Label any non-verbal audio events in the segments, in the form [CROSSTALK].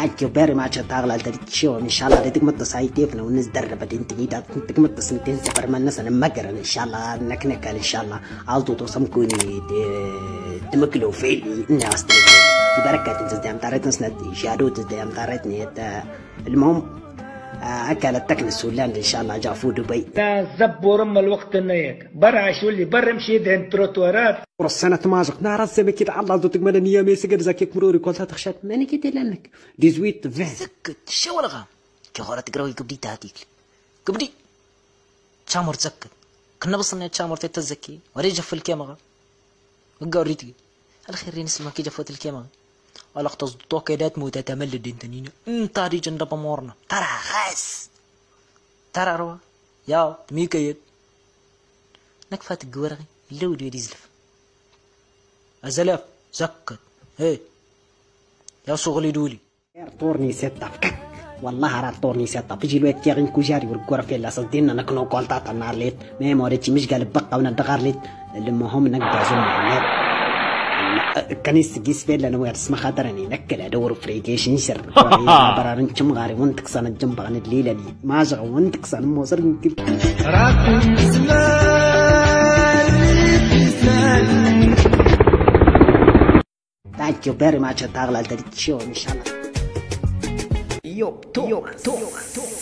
anche bere ma c'è tagla al tercio inshallah da tikmat sai tef na unis darba din tikida tikmat sintin safar man nas na magara inshallah naknak inshallah alto to samkuni تمكلو في الناس تبارك تنزدام طارت نسند شادو تنزدام طارت نيت المهم آه، أكل التكن السولان إن شاء الله جافو دبي لا زب ورم الوقت نيك برع شو اللي برم مشي هن تروتورات السنة ماجق نارا نعم، سمكت كده الله دوتك مانا نيا ميسكر زاكيك مروري كنت خشات ماني كده لانك دي زويت فين سكت شو الغام كهورة تقراوي قبدي تاتيك قبدي تشامور تسكت كنا بصلنا تشامور تتزكي وريجف في الكاميرا وقا وريتك الخير نسمع كي جفوت الكاميرا Alak tas toke dat mo tatamel din tanina. Inta di ترى خاس ترى روا Tara تمي كيد نك نكفات القورغي اللود يزلف زلف أزلف زكت هي يا صغلي دولي ارطورني ستة فكك والله راه طورني ستة في الوقت تيغين كوجاري والكورة في لاصا دينا نكنو كولطاطا النهار ليت ميموريتي موريتي مش قال بقا وندغار ليت المهم نقدر زوم كنيس جيس فيلا نوير سما خاطر اني نكل ادور فريكيش نشر [LAUGHS] برار نتم غاري وانتك صان الجنب غان الليلة لي ما جغ وانتك صان موزر نكل راكم Thank you very much. Tagla al-tadit show, inshallah. Yo, talk, talk, talk.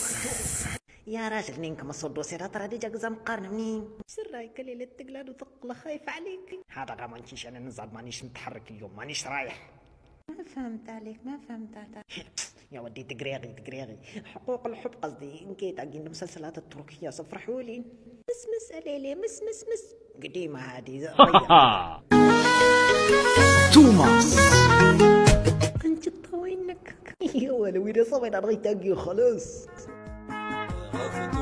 يا راجل منين كمصدو سيرها ترى ديجا قزا مقارن منين سر رايك اللي تقلاد وثقله خايف عليك هذا غا ما انا نزعد مانيش نتحرك اليوم مانيش رايح ما فهمت عليك ما فهمت عليك [TSK] يا ودي تقريغي تقريغي حقوق الحب قصدي نكيت عقين المسلسلات التركية صفرحولي مس مس أليلي مس مس مس قديمة هذه [LAUGHS] توماس انت طوينك [LAUGHS] يا ولوي صبر انا غيتاقي خلاص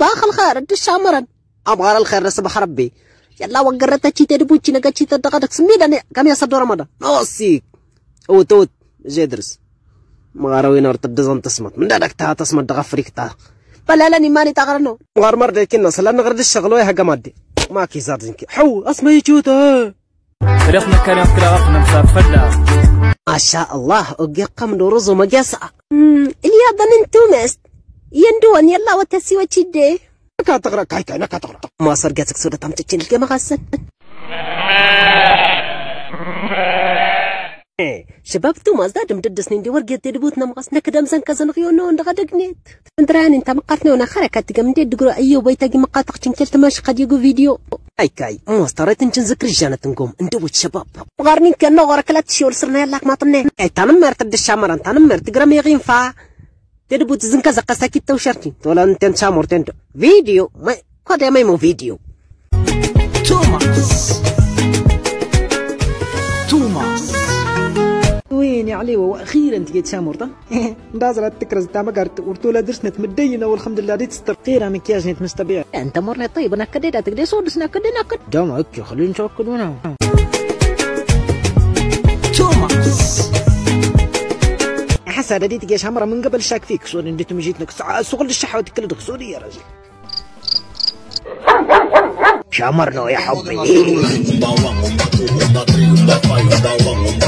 صباح الخير انت الشامرن الخير صباح ربي يلا وقرت تشيت تدبو تشي نقا تشي تدقدك سميدني كم يا صدور رمضان نوسيك او توت جي درس مغاروين ورت الدزن تصمت من داك تا تصمت دغفريك تا بلا لاني ماني تغرنو مغار مرد كنا سلا نغرد الشغل ويها قمادي ما كي حو اسمي تشوت رقنا كان كلا رقنا مسافر ما شاء الله وقيقم نورز ومقاسة اللي هذا من تونس يندون يلا وتسوى تشدي كاتغرا كايكا انا كاتغرا ما صار جاتك سودة تم تشين الكما غسن إيه، شبابتو مازدا دم ددسني اندي ورقيت دبوتنا مغس كدام زن كزن غيونو دغا غدقنيت تندران انت مقاتني ونا خركات تقم دي دقرو ايو بيتاقي مقاتق تنكلت ماش قد يقو فيديو اي كاي مو استريت انت نذكر جانا تنقوم اندوت شباب غارنين كنا غرك لا تشيور سرنا يلاك ما طني اي تنمر تد الشمر انت نمر تقرا ما فا تدبوت زنكا زقا ساكي تو شرتي تولا نتن سامور تندو فيديو ما قد ما يمو فيديو توماس توماس وين علي واخيرا تجيت سامورتا [LAUGHS] على تكرز تاع قرت ورتولا درسنت مدينه والحمد لله ريت تستقيرا مكياج نت مش طبيعي انت مرني طيب انا كديت تقدي صودسنا كدنا كد اوكي خليني خلينا نتاكدوا السنه دي تلقى شمره من قبل شاك فيك سوري انت مجيتك سوق الشحوه تكلدك سوري يا رجل شمرنا يا حبي [LAUGHS]